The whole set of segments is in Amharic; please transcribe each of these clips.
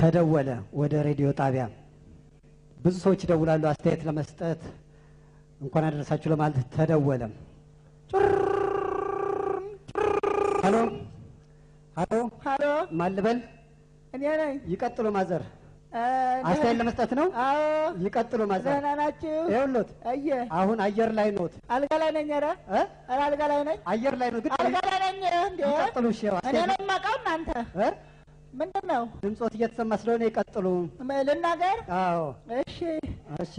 ተደወለ ወደ ሬዲዮ ጣቢያ። ብዙ ሰዎች ይደውላሉ አስተያየት ለመስጠት እንኳን አደረሳችሁ ለማለት ተደወለ። ሄሎ ሄሎ ሄሎ፣ ማን ልበል? እኔ ነኝ። ይቀጥሉ ማዘር። አስተያየት ለመስጠት ነው። አዎ፣ ይቀጥሉ ማዘር። ደህና ናችሁ? ይኸውልዎት፣ እየ አሁን አየር ላይ ነዎት። አልጋ ላይ ነኝ። ኧረ ኧረ፣ አልጋ ላይ ነኝ። አየር ላይ ነው ግን አልጋ ላይ ነኝ። ይቀጥሉ። እሺ፣ እኔ ነው የማውቀው እናንተ ምንድን ነው ድምጾት እየተሰማ ስለሆነ ይቀጥሉ ልናገር አዎ እሺ እሺ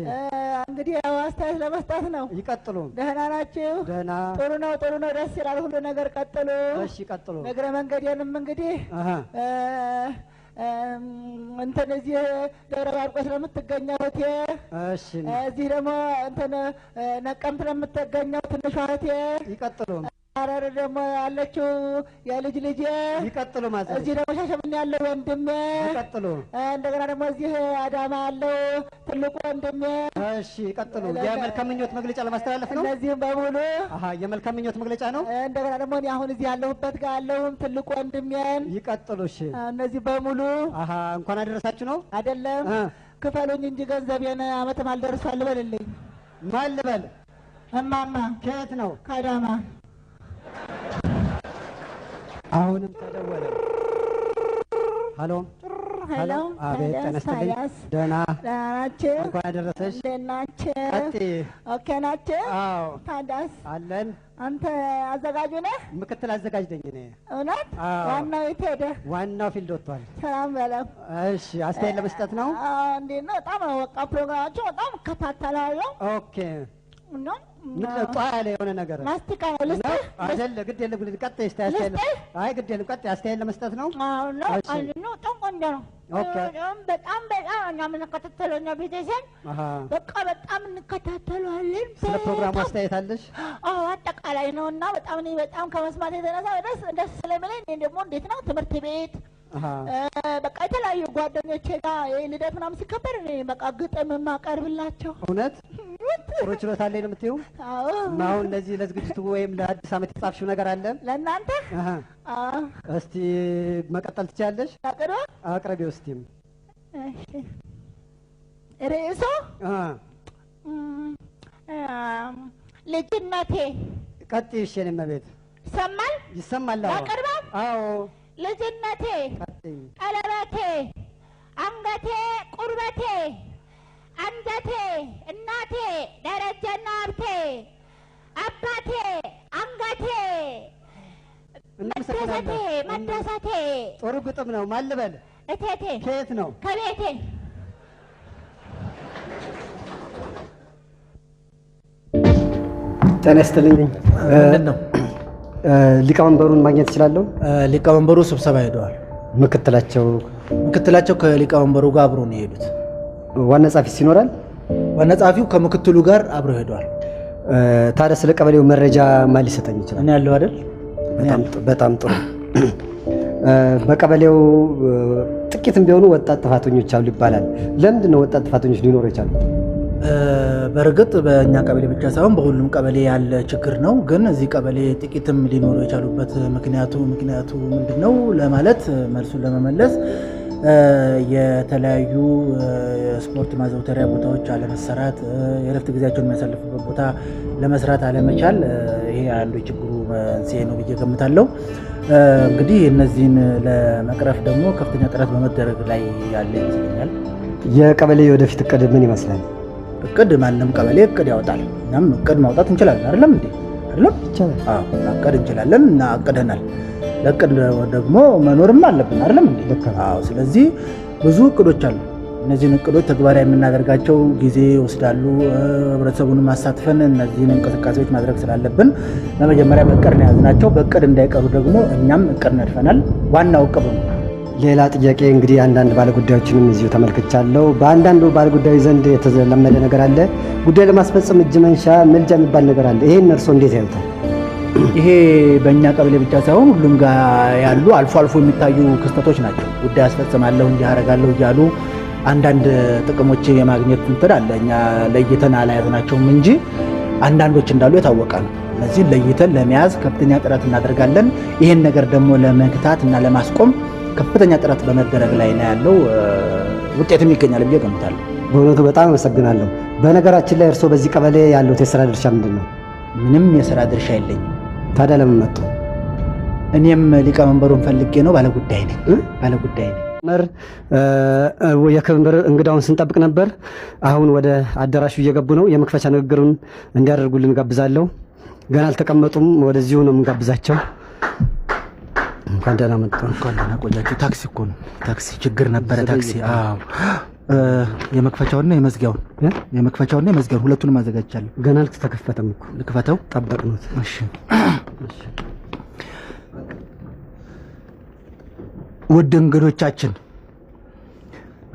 እንግዲህ ያው አስተያየት ለመስጠት ነው ይቀጥሉ ደህና ናችሁ ደህና ጥሩ ነው ጥሩ ነው ደስ ይላል ሁሉ ነገር ቀጥሉ እሺ ይቀጥሉ እግረ መንገዴንም እንግዲህ እንትን እዚህ ደብረ ባርቆስ ለምትገኘው እህቴ እዚህ ደግሞ እንትን ነቀምት ለምትገኘው ትንሿ እህቴ ይቀጥሉ ሐረር ደግሞ ያለችው የልጅ ልጅ ይቀጥሉ ማለት እዚህ ደግሞ ሻሸመኔ ያለው ወንድም ይቀጥሉ። እንደገና ደግሞ እዚህ አዳማ ያለው ትልቁ ወንድም እሺ፣ ይቀጥሉ። የመልካም ምኞት መግለጫ ለማስተላለፍ ነው። እነዚህም በሙሉ አሃ፣ የመልካም ምኞት መግለጫ ነው። እንደገና ደግሞ እኔ አሁን እዚህ ያለሁበት ጋር ያለውም ትልቁ ወንድሜን ይቀጥሉ። እሺ፣ እነዚህ በሙሉ አሃ፣ እንኳን አደረሳችሁ ነው አይደለም? ክፈሉኝ እንጂ ገንዘቤን አመት ማልደርሷል በልልኝ። ማን ልበል? እማማ ከየት ነው? ከአዳማ አሁንም ተደወለ። ሀሎ ሀሎ፣ አቤት ተነስተልኝ። ደህና ናችሁ? እንኳን አደረሰሽ። እንዴት ናችሁ? ኦኬ ናችሁ? አዎ። ታዲያስ አለን። አንተ አዘጋጁ ነህ? ምክትል አዘጋጅ ነኝ እኔ። እውነት? ዋናው የት ሄደ? ዋናው ፊልድ ወጥቷል። ሰላም በለው። እሺ፣ አስተያየት ለመስጠት ነው። እንዴት ነው? በጣም በቃ ፕሮግራማቸው በጣም እከታተላለሁ። ኦኬ። እና የሆነ ነገር ማስቲካ ነው ልስጥህ? አይደለ፣ ግድ የለም ቀጥ አይ ግድ የለም ቀጥ ለመስጠት ነው። አዎ ነው፣ ነው። በጣም ቆንጆ ነው። ኦኬ። በጣም በጣም እኛ ነው ቤተሰብ። በቃ በጣም እንከታተለዋለን። ስለ ፕሮግራሙ አስተያየት አለሽ? አዎ አጠቃላይ ነው እና በጣም እኔ በጣም ከመስማት የተነሳ ደስ ስለሚለኝ እኔ ደግሞ እንዴት ነው ትምህርት ቤት በቃ የተለያዩ ጓደኞቼ ጋር ልደት ምናምን ሲከበር እኔ በቃ ግጥም የማቀርብላቸው እውነት ጥሩ ችሎታ አለኝ ነው የምትይው? አዎ። አሁን ለዚህ ለዝግጅቱ ወይም ለአዲስ አመት የተጻፍሽው ነገር አለ ለእናንተ? እስቲ መቀጠል ትችያለሽ። አቅዶ አቅርቢው እስቲም። ርዕሱ ልጅነቴ። ቀጥይ። እሺ የእኔ እመቤት። ይሰማል? ይሰማል። አቅርባል። አዎ። ልጅነቴ፣ ቀለበቴ፣ አንገቴ፣ ቁርበቴ አንጀቴ እናቴ ደረጀና ሀብቴ አባቴ አንገቴ መደሰቴ መደሰቴ። ጥሩ ግጥም ነው። ማን ልበል? እቴቴ። ከየት ነው? ከቤቴ ጤና ይስጥልኝ። ነው ሊቀመንበሩን ማግኘት እችላለሁ? ሊቀመንበሩ ስብሰባ ሄደዋል። ምክትላቸው ምክትላቸው ከሊቀመንበሩ ጋር አብሮ ነው የሄዱት። ዋና ጸሐፊ ሲኖራል? ዋና ጸሐፊው ከምክትሉ ጋር አብረው ሄደዋል። ታዲያ ስለ ቀበሌው መረጃ ማን ሊሰጠኝ ይችላል? እኔ ያለው አይደል። በጣም ጥሩ። በቀበሌው ጥቂትም ቢሆኑ ወጣት ጥፋተኞች አሉ ይባላል። ለምንድን ነው ወጣት ጥፋተኞች ሊኖሩ ይቻሉ? በእርግጥ በእኛ ቀበሌ ብቻ ሳይሆን በሁሉም ቀበሌ ያለ ችግር ነው። ግን እዚህ ቀበሌ ጥቂትም ሊኖሩ የቻሉበት ምክንያቱ ምክንያቱ ምንድን ነው ለማለት መልሱን ለመመለስ የተለያዩ ስፖርት ማዘውተሪያ ቦታዎች አለመሰራት፣ የረፍት ጊዜያቸውን የሚያሳልፉበት ቦታ ለመስራት አለመቻል፣ ይሄ አንዱ የችግሩ መንስኤ ነው ብዬ ገምታለሁ። እንግዲህ እነዚህን ለመቅረፍ ደግሞ ከፍተኛ ጥረት በመደረግ ላይ ያለ ይመስለኛል። የቀበሌ የወደፊት እቅድ ምን ይመስላል? እቅድ ማንም ቀበሌ እቅድ ያወጣል። እኛም እቅድ ማውጣት እንችላለን። አይደለም እንዴ? አይደለም ማቀድ እንችላለን እና አቅደናል። ለቅድ ደግሞ መኖርም አለብን አይደለም እንዴ? ስለዚህ ብዙ እቅዶች አሉ። እነዚህን እቅዶች ተግባራዊ የምናደርጋቸው ጊዜ ይወስዳሉ። ህብረተሰቡን ማሳትፈን እነዚህን እንቅስቃሴዎች ማድረግ ስላለብን ለመጀመሪያ በቅድ ነው የያዝናቸው። በቅድ እንዳይቀሩ ደግሞ እኛም እቅድ ነድፈናል። ዋናው እቅዱ ነው። ሌላ ጥያቄ እንግዲህ አንዳንድ ባለጉዳዮችንም እዚሁ ተመልክቻለሁ። በአንዳንዱ ባለጉዳዮች ዘንድ የተለመደ ነገር አለ፣ ጉዳይ ለማስፈጸም እጅ መንሻ መልጃ የሚባል ነገር አለ። ይህን እርስዎ እንዴት ያዩታል? ይሄ በእኛ ቀበሌ ብቻ ሳይሆን ሁሉም ጋር ያሉ አልፎ አልፎ የሚታዩ ክስተቶች ናቸው። ጉዳይ አስፈጽማለሁ እንዲህ አደርጋለሁ እያሉ አንዳንድ ጥቅሞች የማግኘት እንትን አለ። እኛ ለይተን አላያዝናቸውም እንጂ አንዳንዶች እንዳሉ የታወቀ ነው። እነዚህ ለይተን ለመያዝ ከፍተኛ ጥረት እናደርጋለን። ይህን ነገር ደግሞ ለመግታት እና ለማስቆም ከፍተኛ ጥረት በመደረግ ላይ ነው ያለው። ውጤትም ይገኛል ብዬ ገምታለሁ። በእውነቱ በጣም አመሰግናለሁ። በነገራችን ላይ እርስዎ በዚህ ቀበሌ ያለሁት የስራ ድርሻ ምንድን ነው? ምንም የስራ ድርሻ የለኝም። ታዲያ ለምን መጡ? እኔም ሊቀመንበሩን ፈልጌ ነው። ባለጉዳይ ነኝ ባለጉዳይ ነኝ። የክብር እንግዳውን ስንጠብቅ ነበር። አሁን ወደ አዳራሹ እየገቡ ነው። የመክፈቻ ንግግሩን እንዲያደርጉልን ጋብዛለሁ። ገና አልተቀመጡም። ወደዚሁ ነው የምንጋብዛቸው። እንኳን ደህና መጡ። እንኳን ደህና ቆያችሁ። ታክሲ እኮ ነው ታክሲ ችግር ነበረ ታክሲ የመክፈቻውና የመዝጊያውን የመክፈቻውና የመዝጊያውን ሁለቱንም አዘጋጅቻለሁ። ገና አልተከፈተም እኮ ልክፈተው። ጠበቅነው። እሺ ውድ እንግዶቻችን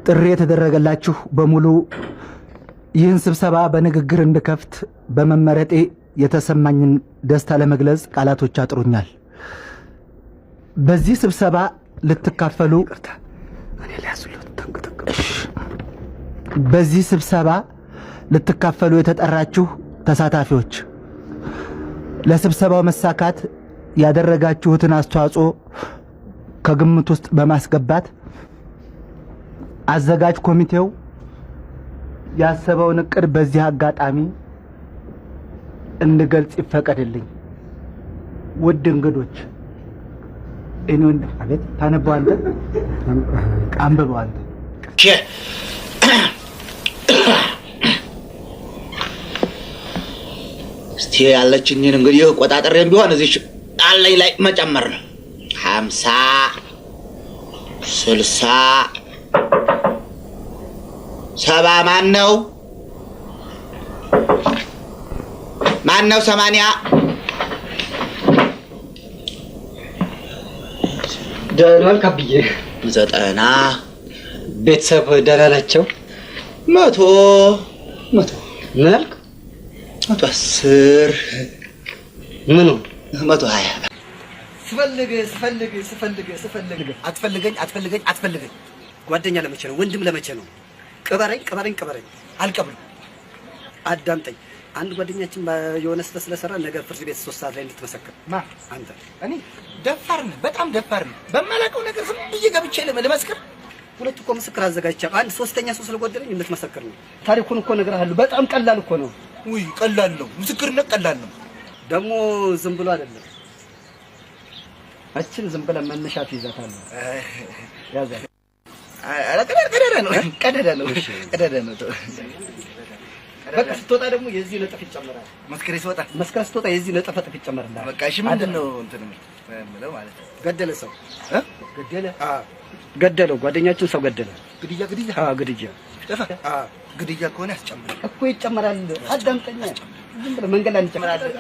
ጥሪ የተደረገላችሁ በሙሉ ይህን ስብሰባ በንግግር እንድከፍት በመመረጤ የተሰማኝን ደስታ ለመግለጽ ቃላቶች አጥሩኛል። በዚህ ስብሰባ ልትካፈሉ እኔ በዚህ ስብሰባ ልትካፈሉ የተጠራችሁ ተሳታፊዎች ለስብሰባው መሳካት ያደረጋችሁትን አስተዋጽኦ ከግምት ውስጥ በማስገባት አዘጋጅ ኮሚቴው ያሰበውን እቅድ በዚህ አጋጣሚ እንድገልጽ ይፈቀድልኝ። ውድ እንግዶች እኔ ወንድ አቤት ታነበዋለህ፣ አንብበዋለህ እስቲ ያለችኝን እንግዲህ ቆጣጠሬም ቢሆን እዚህ አለኝ ላይ መጨመር ነው። ሀምሳ ስልሳ ሰባ ማን ነው ማን ነው? ሰማንያ ደህና ካብዬ ዘጠና ቤተሰብ ደህና ናቸው። መቶ መቶ ነን መቶ አስር ምኑ መቶ ሀያ ስፈልግ ስፈልግ ስፈልግ ስፈልግ አትፈልገኝ አትፈልገኝ አትፈልገኝ። ጓደኛ ለመቼ ነው? ወንድም ለመቼ ነው? ቅበረኝ ቅበረኝ ቅበረኝ አልቀብልም። አዳምጠኝ። አንድ ጓደኛችን የሆነ ስለ ስለሰራ ነገር ፍርድ ቤት ሶስት ሰዓት ላይ እንድትመሰክር ማ አንተ እኔ ደፋር ነህ፣ በጣም ደፋር ነህ። በማላውቀው ነገር ዝም ብዬ ገብቼ ልመስክር። ሁለት እኮ ምስክር አዘጋጅቻለሁ። አንድ ሶስተኛ ሰው ስለጎደለኝ እንድትመሰክር ነው። ታሪኩን እኮ እነግርሃለሁ። በጣም ቀላል እኮ ነው። ውይ ቀላል ነው፣ ምስክርነት ቀላል ነው። ደግሞ ዝም ብሎ አይደለም መቼም ዝም ብለን መነሻ ትይዛታለህ። ቀደደ ነው ቀደደ ነው ቀደደ ነው። በቃ ስትወጣ ደግሞ የዚህ ነጥፍ ይጨመራል። መስከረም ስትወጣ መስከረም ስትወጣ የዚህ ነጥፍ እጥፍ ይጨመራል። በቃ እሺ፣ ምንድን ነው እንትን የምለው ማለት ነው። ገደለ ሰው እ ገደለ አ ገደለው ጓደኛችን ሰው ገደለ። ግድያ ግድያ፣ አ ግድያ ግድያ ከሆነ ያስጨምራል እኮ ይጨምራል። አዳምጠኛ ዝም ብለህ መንገድ ላይ አንጨምራለን።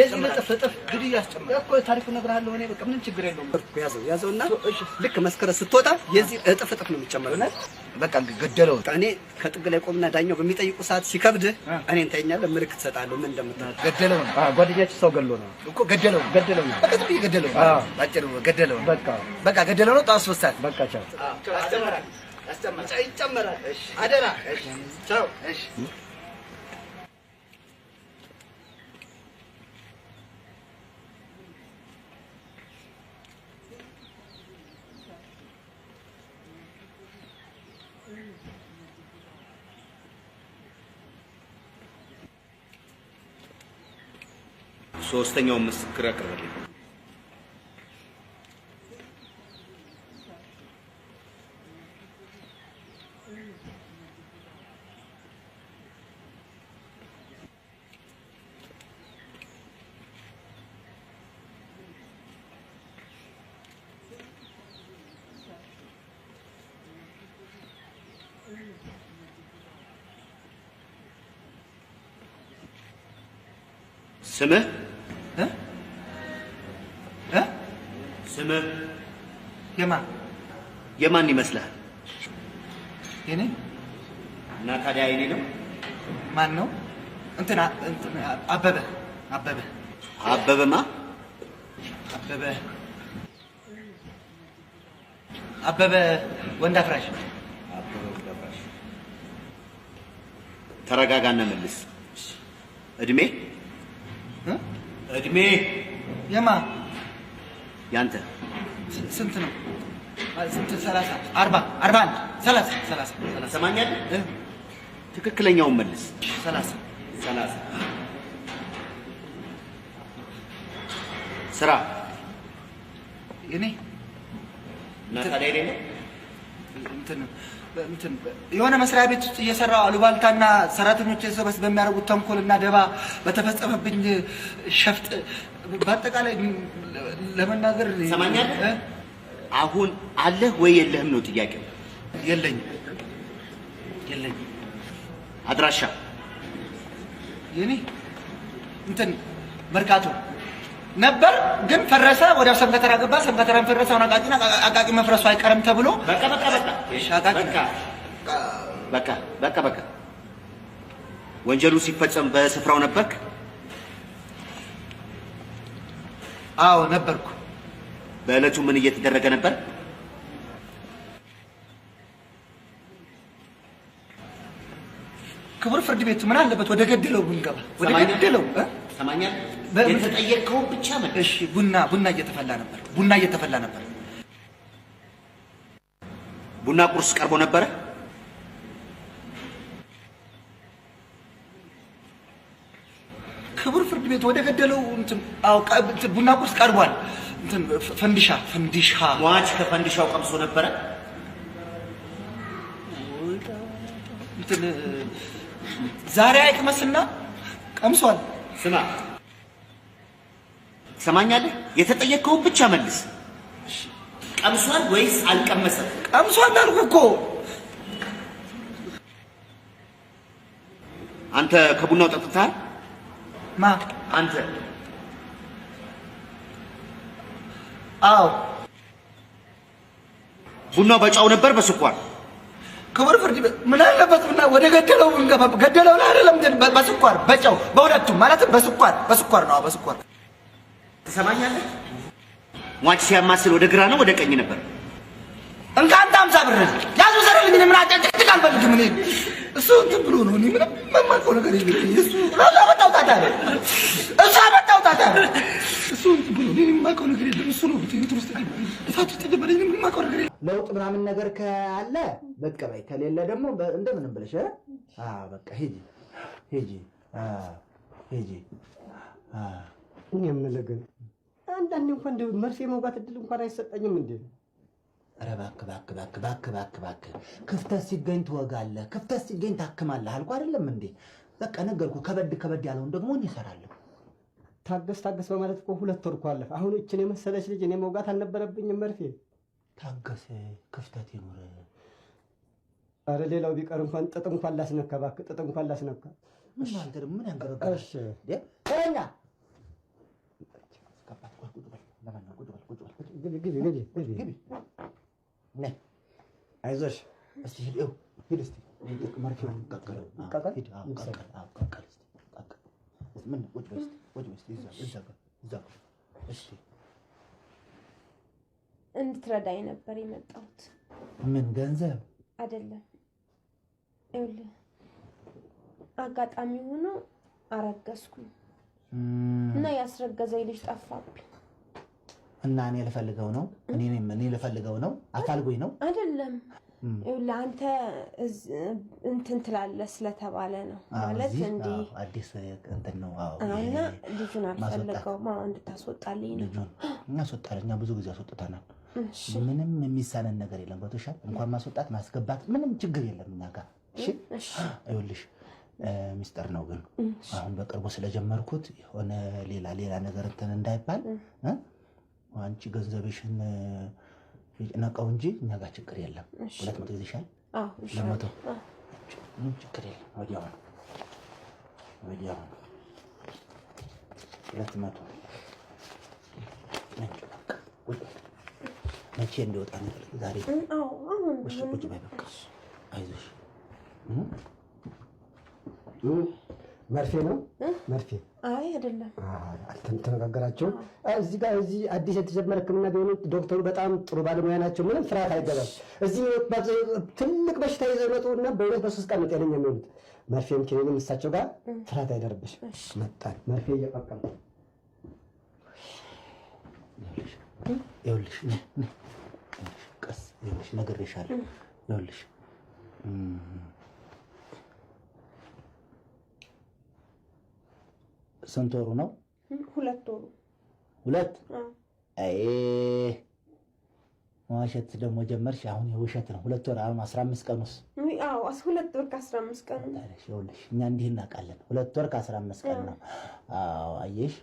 የዚህ እጥፍ እጥፍ ግድያ ያስጨምራል እኮ ታሪኩ እነግርሃለሁ። እኔ በቃ ምንም ችግር የለውም። ያዘው ያዘውና ልክ መስከረም ስትወጣ የዚህ እጥፍ እጥፍ ነው የሚጨምረው። በቃ ገደለው። እኔ ከጥግ ላይ ቆምና ዳኛው በሚጠይቁ ሰዓት ሲከብድህ እኔን ታይኛለህ፣ ምልክት እሰጥሃለሁ። ምን እንደምታደርግ ገደለው ነው። ጓደኛችን ሰው ገሎ ነው እኮ ገደለው፣ ገደለው ነው። በቃ ገደለው፣ ገደለው ነው በቃ ገደለው ባጭሩ ገደለው በቃ በቃ ገደለው ነው። ጠዋት ሦስት ሰዓት በቃ ቻው ይጨመራል። አደራ ቻው። ሶስተኛውን ምስክር አቀርባለሁ። ስምህ እ ስምህ የማን የማን ይመስልሃል? የኔ እና ታዲያ የኔ ነው። ማን ነው? እንትን አበበ አበበ አበበማ አበበ አበበ ወንድ አፍራሽ ተረጋጋና መልስ። እድሜ እድሜ የማ ያንተ ስንት ነው? ስንት? ሰላሳ አርባ አርባ አንድ ሰላሳ ሰላሳ ሰላሳ ሰማኛለህ። ትክክለኛውን መልስ ሰላሳ ሰላሳ ስራ እኔ እና ታዲያ የሆነ መስሪያ ቤት ውስጥ እየሰራው አሉባልታና ሰራተኞች ሰበስ በሚያደርጉት ተንኮልና ደባ በተፈጸመብኝ ሸፍጥ በአጠቃላይ ለመናገር አሁን አለህ ወይ የለህም ነው ጥያቄው። የለኝም፣ የለኝም። አድራሻ የኔ እንትን መርካቶ ነበር ግን ፈረሰ። ወዲያው ሰንፈተራ ገባ። ሰንፈተራን ፈረሰ። አሁን አቃቂ አቃቂ መፍረሱ አይቀርም ተብሎ በቃ በቃ በቃ በቃ በቃ በቃ። ወንጀሉ ሲፈጸም በስፍራው ነበርክ? አዎ ነበርኩ። በእለቱ ምን እየተደረገ ነበር? ክቡር ፍርድ ቤቱ ምን አለበት ወደ ገደለው ብንገባ ወደ ገደለው ሰማኛል የተጠየቀውን ብቻ መልስ። እሺ፣ ቡና ቡና እየተፈላ ነበር። ቡና እየተፈላ ነበር። ቡና ቁርስ ቀርቦ ነበረ። ክቡር ፍርድ ቤት ወደ ገደለው እንትን አዎ፣ ቡና ቁርስ ቀርቧል። እንትን ፈንዲሻ ፈንዲሻ ሟች ከፈንዲሻው ቀምሶ ነበረ። እንትን ዛሬ አይቅመስና ቀምሷል። ስማ ሰማኛለህ? የተጠየቀውን ብቻ መልስ። ቀምሷል ወይስ አልቀመሰም? ቀምሷል አልኩ እኮ። አንተ ከቡናው ጠጥተሃል? ማ አንተ? አዎ። ቡናው በጫው ነበር በስኳር? ክቡር ፍርድ ቤት ምን አለበት ብና ወደ ገደለው ብንገባ፣ ገደለው ላይ አይደለም፣ በስኳር በጨው፣ በሁለቱም ማለትም በስኳር በስኳር ነው በስኳር ትሰማኛለህ? ሟች ሲያማስል ወደ ግራ ነው ወደ ቀኝ ነበር። እንካ አንተ ሀምሳ ብር ያዙ ዘረልኝ። ምን አጨቅጭቅ አልፈልግም። እኔ እሱ እንትን ብሎ ነው። እኔ ምንም ነገር የለም። እሱ ራሱ አመጣው ታታ እሱ አመጣው ታታ እሱ እንትን ብሎ እኔ የማውቀው ነገር የለም። እሱ ነው ቤት ውስጥ እሳት ውስጥ ደበለኝ። እኔ የማውቀው ነገር የለም። ለውጥ ምናምን ነገር ካለ መቀበይ ከሌለ ደግሞ እንደምንም ብለሽ በቃ ሂጂ ሂጂ ሂጂ። እኔ የምልህ ግን አንዳንድ እንኳን መርፌ መውጋት እድል እንኳን አይሰጠኝም እንዴ? ኧረ እባክህ እባክህ እባክህ እባክህ እባክህ ክፍተት ሲገኝ ትወጋለህ፣ ክፍተት ሲገኝ ታክማለህ አልኩህ አይደለም እንዴ? በቃ ነገርኩህ። ከበድ ከበድ ያለውን ደግሞ እኔ እሰራለሁ። ታገስ ታገስ በማለት እኮ ሁለት ወር እኮ አለፈ። አሁን እችን የመሰለች ልጅ እኔ መውጋት አልነበረብኝም መርፌ። ታገስ፣ ክፍተት ይኑር። አረ ሌላው ቢቀር እንኳን ጥጥ እንኳን ላስነካ፣ እባክህ ጥጥ እንኳን ላስነካ። ምን አንተ ደግሞ ምን ግቢ ግቢ ግቢ ግቢ ነይ፣ አይዞሽ እስቲ ሂድ ሂድ እስቲ መርፌውን ቀቀል ምን ቁጭ በይ እስቲ ቁጭ በይ እስቲ እዛ እዛ እዛ እስቲ እንድትረዳኝ ነበር የመጣሁት። ምን ገንዘብ አይደለም። ይኸውልህ አጋጣሚ ሆኖ አረገዝኩኝ እና ያስረገዘኝ ልጅ ጠፋብኝ። እና እኔ ልፈልገው ነው እኔ ልፈልገው ነው አታልጎኝ ነው አይደለም። ለአንተ እንትን ትላለህ ስለተባለ ነው ማለት እንዲህ አዲስ እንትን ነው እና ልጁን አልፈለገውም እንድታስወጣልኝ ነው። እናስወጣለን፣ እኛ ብዙ ጊዜ አስወጥተናል። ምንም የሚሳነን ነገር የለም። ገብቶሻል? እንኳን ማስወጣት ማስገባት ምንም ችግር የለም እኛ ጋር። ይኸውልሽ ሚስጥር ነው ግን አሁን በቅርቡ ስለጀመርኩት የሆነ ሌላ ሌላ ነገር እንትን እንዳይባል አንቺ ገንዘብሽን ነቀው እንጂ እኛ ጋር ችግር የለም። ሁለት መቶ ይዘሻል። ለመቶ ችግር የለም። ወዲያው ነው ወዲያው ነው። ሁለት መቶ መቼ እንደወጣ ዛሬ ቁጭ በይ በቃ አይዞሽ መርፌ ነው መርፌ? አይ አይደለም። አልተነጋገራችሁም? እዚህ ጋር እዚህ አዲስ የተጀመረ ሕክምና ቢሆኑ ዶክተሩ በጣም ጥሩ ባለሙያ ናቸው። ምንም ፍርሃት አይገባም። እዚህ ትልቅ በሽታ ይዘው መጡ እና በሁለት በሶስት ቀን ጤነኛ የሚሆኑት። መርፌም ኬንም እሳቸው ጋር ፍርሃት አይደርብሽ። መጣን መርፌ እየቀቀም ይኸውልሽ፣ ቀስ ይኸውልሽ፣ ነግሬሻለሁ። ይኸውልሽ ስንት ወሩ ነው? ሁለት ወሩ። ሁለት አይ መዋሸት ደግሞ ጀመርሽ። አሁን የውሸት ነው። ሁለት ወር አሁን አስራ አምስት ቀን ውስጥ አዎ፣ ሁለት ወር ከአስራ አምስት ቀን ታለሽ። ይኸውልሽ፣ እኛ እንዲህ እናውቃለን። ሁለት ወር ከአስራ አምስት ቀን ነው። አዎ፣ አየሽ፣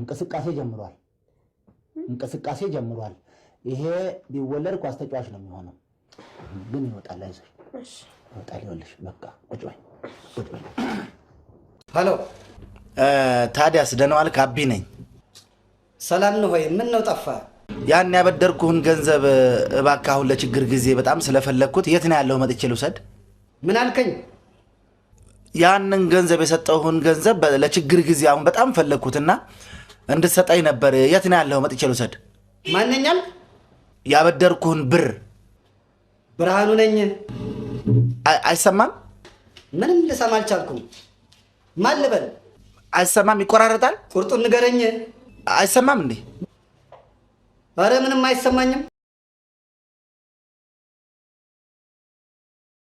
እንቅስቃሴ ጀምሯል። እንቅስቃሴ ጀምሯል። ይሄ ቢወለድ ኳስ ተጫዋች ነው የሚሆነው፣ ግን ይወጣል። አይዞሽ፣ ይወጣል። ይኸውልሽ፣ በቃ ቁጭ በይ፣ ቁጭ በይ ሄሎ፣ ታዲያስ ደህና ዋልክ? አቢ ነኝ። ሰላም ነው ወይ? ምን ነው ጠፋ? ያን ያበደርኩህን ገንዘብ እባክህ፣ አሁን ለችግር ጊዜ በጣም ስለፈለግኩት የት ነው ያለው? መጥቼ ልውሰድ? ምን አልከኝ? ያንን ገንዘብ የሰጠሁህን ገንዘብ ለችግር ጊዜ አሁን በጣም ፈለግኩትና እንድትሰጠኝ ነበር። የት ነው ያለው? መጥቼ ልውሰድ? ማንኛል? ያበደርኩህን ብር። ብርሃኑ ነኝ። አይሰማም? ምንም ልሰማ አልቻልኩም። ማን ልበል? አይሰማም፣ ይቆራረጣል። ቁርጡን ንገረኝ። አይሰማም እንዴ? አረ ምንም አይሰማኝም።